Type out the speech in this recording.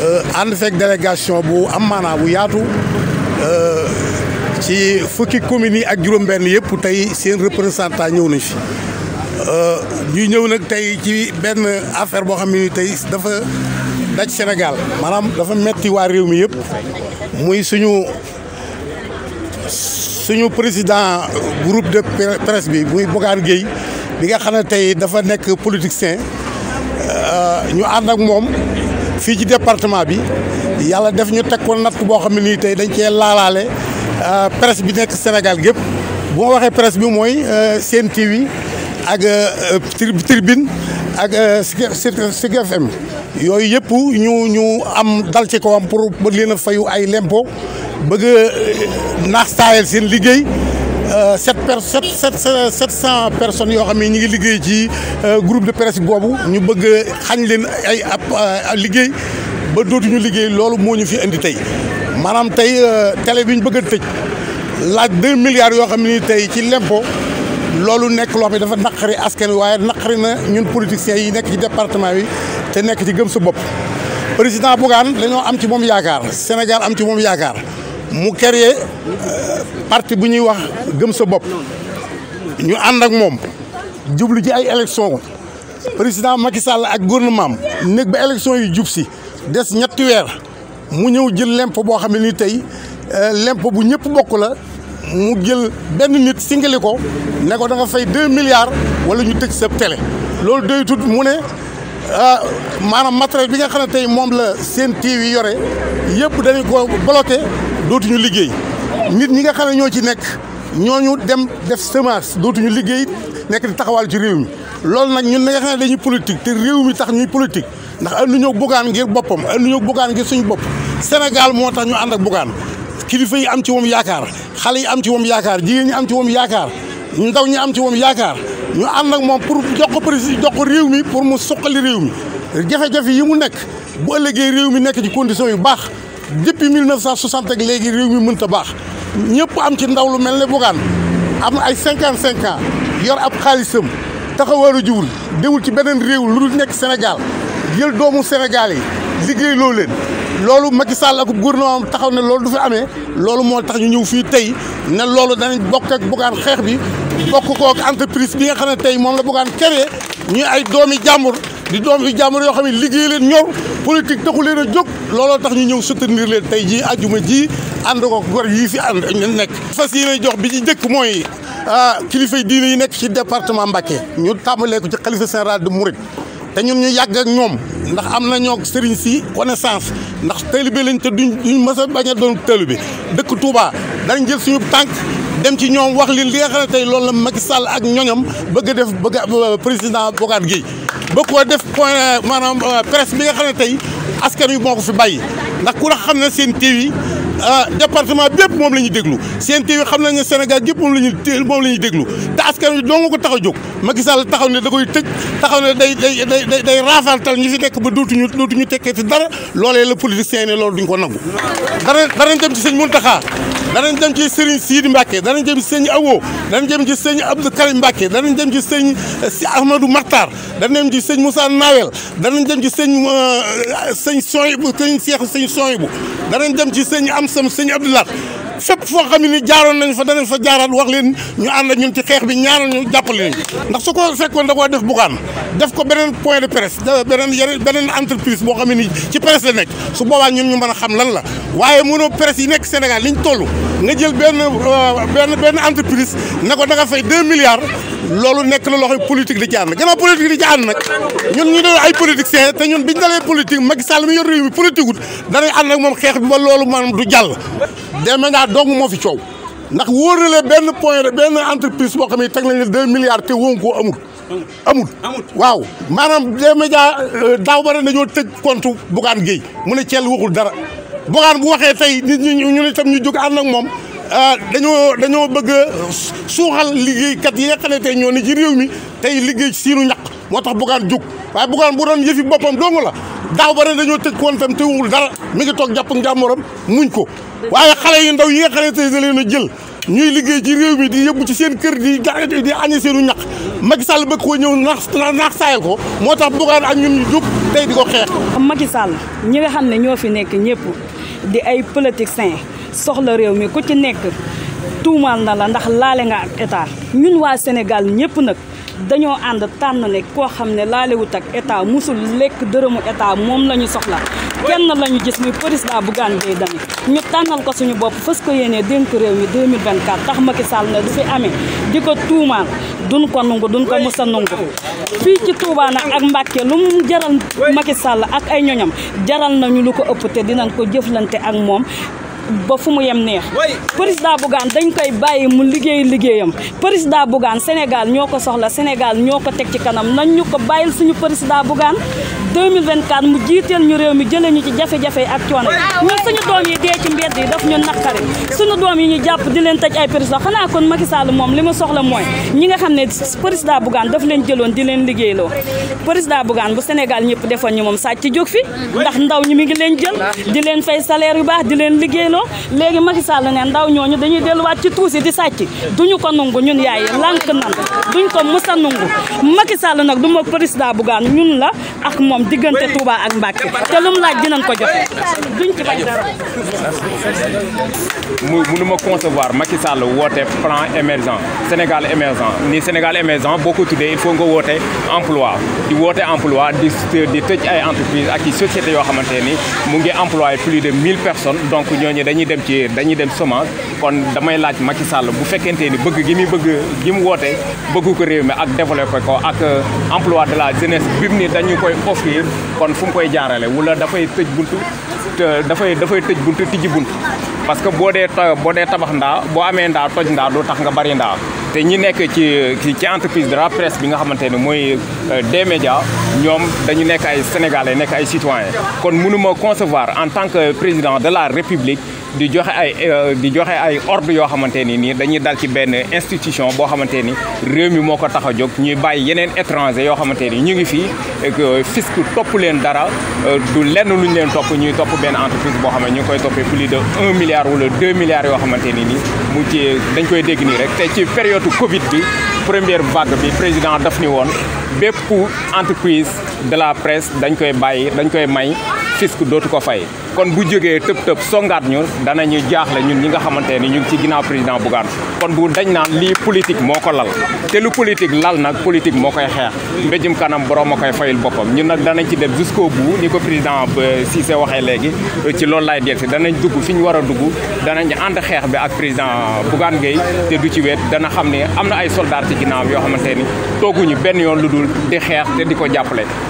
Euh, ànd fekk délégation bu am bu yaatu euh, ci fukki communes yi ak juróom-benn yëpp tey seen représentant ñëw nañ fi euh, ñuy ñëw nag tey ci benn affaire boo xam ne ni tey dafa daj Sénégal maanaam dafa metti waar réew mi yëpp muy suñu suñu président groupe de presse bi muy bogaan Gueye bi nga xam ne tey dafa nekk politicien ñu ànd ak moom fii ci département bi yàlla def ñu teg ko natt boo xam ne nii tey dañ cee laalaale euh, presse bi nekk Sénégal gépp bu ma waxee presse bi mooy euh, Sen TV ak euh, Tribune ak Zik FM yooyu yëpp ñu ñu am dal ci kawam pour bëgg leen a fayu ay lempo bëgg a naax saayal seen liggéey Euh, sept per sept sept sept cent personnes yoo xam ne ñu ngi liggéey ci euh, groupe de presse boobu ñu bëgg xañ leen ay ab euh, liggéey ba dootuñu liggéey loolu moo ñu fi indi tey maanaam tey télé bi ñu bëgg a tëj laaj deux milliards yoo xam ne ni tey ci lempo loolu nekk loo xam ne dafa naqari askan waaye naqari na ñun politiciens yi nekk ci département bi te nekk ci gëm sa bopp président Bougane dañoo am ci moom yaakaar Sénégal am ci moom yaakaar mu créé euh, parti bu ñuy wax gëm sa bopp ñu ànd ak moom jublu ci ay élection président Macky Sall ak gouvernement nekk ba élection yu jub si des ñetti weer mu ñëw jël lemp boo xam ne ni tey euh, lemp bu ñëpp bokk la mu jël benn nit singali ko ne ko da nga fay deux milliards wala ñu tëj sa télé loolu doytut mu ne Ah, maanaam matériel bi nga xam ne tey moom la seen TV yore yëpp dañu ko bloqué dootuñu liggéey nit ñi nga xam ne ñoo ci nekk ñooñu dem def semence dootuñu liggéey nekk taxawal ci réew mi loolu nag ñun nga xam ne dañuy politique te réew mi tax ñuy politique ndax anduñoo buggaan ngir boppam anduñoo bugaan ngir suñu bopp Sénégal moo tax ñu ànd ak kilifa yi am ci moom yaakaar xale yi am ci moom yaakaar jigéen ñi am ci moom yaakaar ndaw ñi am ci moom yaakaar ñu ànd ak moom pour jox ko président jox ko réew mi pour mu suqali réew mi jafe-jafe yi mu nekk bu ëllëgee réew mi nekk ci condition yu baax depuis 1960 ak léegi réew mi mënta baax ñëpp am ci ndaw lu mel ne Bougane am ay 55 ans yor ab xaalisam taxawaaru jiwul dewul ci beneen réew lu dul nekk Sénégal yël doomu Sénégal yi liggéey loo loolu Macky Sall ak gouvernement taxaw na loolu du fi amee loolu moo tax ñu ñëw fii tey ne loolu dañ bokk ak Bougane xeex bi bokk kook ak entreprise bi nga xam tey moom la Bougane créé ñuy ay doomi jàmbur di doomi jàmbur yoo xam ne liggéey leen ñor politique taxu leen a jóg looloo tax ñu ñëw soutenir leen tey jii ajuma ji ànd ko gor yii fi ànd nekk fas yéene jox bi ci njëkk mooy ah, kilifay diine yi nekk ci département Mbacké ñu tàmbalee ko ci xalifa général de Mouride te ñun ñu yàgg ak ñoom ndax am na ñoo sëriñ si connaissance ndax taalibe lañ te duñ duñ mës bañ a doon bi dëkk Touba dañ jël suñu tànk dem ci ñoom wax li li nga xam ne tey loolu la Macky Sall ak ñoñom bëgg a def bëgg euh, président Bougane gi bëgg koo def point euh, maanaam euh, presse bi nga xam ne tey askan wi moo ko fi bàyyi ndax ku la xam ne seen TV ah département bépp moom la ñuy déglu seen TV xam nañ ne Sénégal gépp moom la ñuy moom la ñuy déglu te askan wi doo nga ko tax a jóg Macky Sall taxaw ne da koy tëj taxaw ne day day day day raafantal ñi fi nekk ba dootuñu dootuñu tekkee ci dara loole la politicien ne loolu duñ ko nangu danañ danañ dem ci sëñ Mountakha danañ dem ci sëriñ Sidi Mbacke danañ dem ci sëñ Awo danañ dem ci sëñ Abdou Karim Mbacke danañ dem ci sëñ eh, si Ahmadou Makhtar danañ dem ci sëñ Moussa Nawel danañ dem ci sëñ euh, sëñ Soyibu sëñ Seex sëñ Soyibu danañ dem ci sëñ am sam sëñ Abdoulaat fépp foo xam ni jaaroon nañ fa danañ fa jaaraat wax leen ñu ànd ak ñun ci xeex bi ñaanal ñu jàppale ndax su ko fekkoon da koo def bugaan def ko beneen point de presse beneen yeneen beneen entreprise boo xam ne nii ci presse la nekk su boobaa ñun ñu mën a xam lan la waaye mënoo presse yi nekk Sénégal liñ toll nga jël benn euh, benn benn entreprise na ko da nga fay 2 milliards loolu nekk na loxoy politique di ci ànd gannaaw politique di ci ànd nag ñun ñu doon ay politiciens te ñun biñ dalee politique Macky Sall mi yor réew mi politique wut danay ànd ak moom xeex bi ba loolu maanaam du jàll. demee naa dong moo fi coow ndax wóor na leen benn point benn entreprise boo xam ne teg nañu ne 2 milliards te wóngu ko amul. amul waaw maanaam des médias euh, daaw bare nañoo tëj compte Bougane Gueye mu ne Thiel waxul dara. Bougane bu waxee tey nit ñi ñu ne ñu jóg ànd ak moom ah, dañoo dañoo bëgg suuxal liggéeykat yi nga xam tey ñoo ne ci réew mi tey liggéey siinu ñaq moo tax Bougane jóg waaye Bougane bu doon yëfi boppam dong la daaw ba ren dañoo tëj ko woon tam te dara mi ngi toog jàpp ak njàmmoram muñ ko waaye xale yu ndaw yi nga xam tey da leen a jël ñuy liggéey ci réew mi di yóbbu ci seen kër di di añe seenu ñaq Macky Sall bëgg koo ñëw naax naax saayal ko moo tax Bougane ak ñun ñu tey di ko xeex. Macky Sall ñi nga xam ne ñoo fi nekk ñëpp di ay politiciens soxla réew mi ku ci nekk tuumaal na la ndax laale nga ak état ñun waa Sénégal ñëpp nag dañoo ànd tànn ne koo xam ne laale laalewut ak état musul lekk dërëmu état moom la ñu soxla. kenn la ñu gis muy bu Bougane Gueye Dany ñu tànnal ko suñu bopp fës ko yéenee dénk réew mi 2024 tax Macky Sall na du fi amee di ko tuumaal. duñ ko nungu duñ ko mës a nungu fii ci Touba ak Mbàkke lu mu jaral Macky ak ay ñoñam jaral nañu lu ko ëpp te dinañ ko jëflante ak moom ba fu mu yem neex président Bougane dañ koy bàyyi mu liggéey liggéeyam président Bougane Sénégal ñoo ko soxla Sénégal ñoo ko teg ci kanam nañ ñu ko bàyyil suñu président Bougane 2024 mu jiiteel ñu réew mi jëlee ñu ci jafe-jafe ak coono ñun suñu doom yi dee ci mbedd yi daf ñu naqari suñu doom yi ñu jàpp di leen tëj ay prison xanaa moom li ma soxla mooy ñi nga xam ne président Bougane daf leen jëloon di leen liggéeyloo président Bougane bu Sénégal ñëpp defoon ñu moom sàcc jóg fi ndax ndaw ñi mi ngi leen jël di leen fay salaire yu baax di leen liggéeyloo léegi Macky Sall ne ndaw ñooñu dañuy delluwaat ci tuusi di sàcc duñu ko nungu ñun yaay lànk nan duñ ko musa nungu Macky Sall nag du ma président Bougane ñun la ak moom moom diggante Touba ak Mbacke te lu mu laaj ko joxe duñ ci bañ dara. mu mënuma concevoir Macky Sall woote plan émergent Sénégal émergent ni Sénégal émergent boo ko tuddee il faut nga woote emploi di woote emploi di di tëj ay entreprise ak i sociétés yoo xamante ni mu ngi employé plus de 1000 personnes donc ñooñu dañuy dem ci dañuy dem chômage. kon damay laaj Macky Sall bu fekkente ni bëgg gi muy bëgg gi mu woote bëggu ko réew mi ak développé ko ak euh, emploi de la jeunesse bi mu ni dañu koy offrir kon fu mu koy jaarale wala dafay tëj buntu te dafay dafay tëj buntu tijji buntu parce que boo dee boo dee tabax ndaa boo amee ndaa toj ndaa du tax nga bari ndaa te ñi nekk ci ci entreprise de la presse bi nga xamante ne mooy euh, des médias ñoom dañu nekk ay sénégalais nekk ay citoyens kon mënuma concevoir en tant que président de la république di joxe ay euh, di joxe ay ordre yoo xamante ni nii dañuy dal ci benn institution boo xamante ni réew mi moo ko tax a jóg ñuy bàyyi yeneen étranger yoo xamante ni ñu ngi fii et topp leen dara euh, du lenn lu ñu leen topp ñuy topp benn entreprise boo xam ne ñu ngi koy toppee plus de un milliard wala deux milliards yoo xamante ni nii mu ci dañ koy dégg nii rek te ci période Covid bi. première vague bi président daf ni woon bépp entreprise de la presse dañ koy bàyyi dañ koy may fisc dootu ko fay kon bu jógee tëb tëb songaat ñu danañu jaaxle ñun ñi nga xamante ni ñu ngi ci ginnaaw président Bougane kon bu dañ naan lii politique moo ko lal te lu politique lal nag politique moo koy xeex mbéjum kanam borom a koy fayul boppam ñun nag danañ ci dem jusqu'au bout ni ko président euh, Cissé waxee léegi euh, ci loolu laay delsi danañ dugg fi ñu war a dugg danañ ànd xeex bi ak président Bougane Gueye ginnaawam yoo xamante ni tooguñu benn yoon lu dul di xeex te di ko jàppale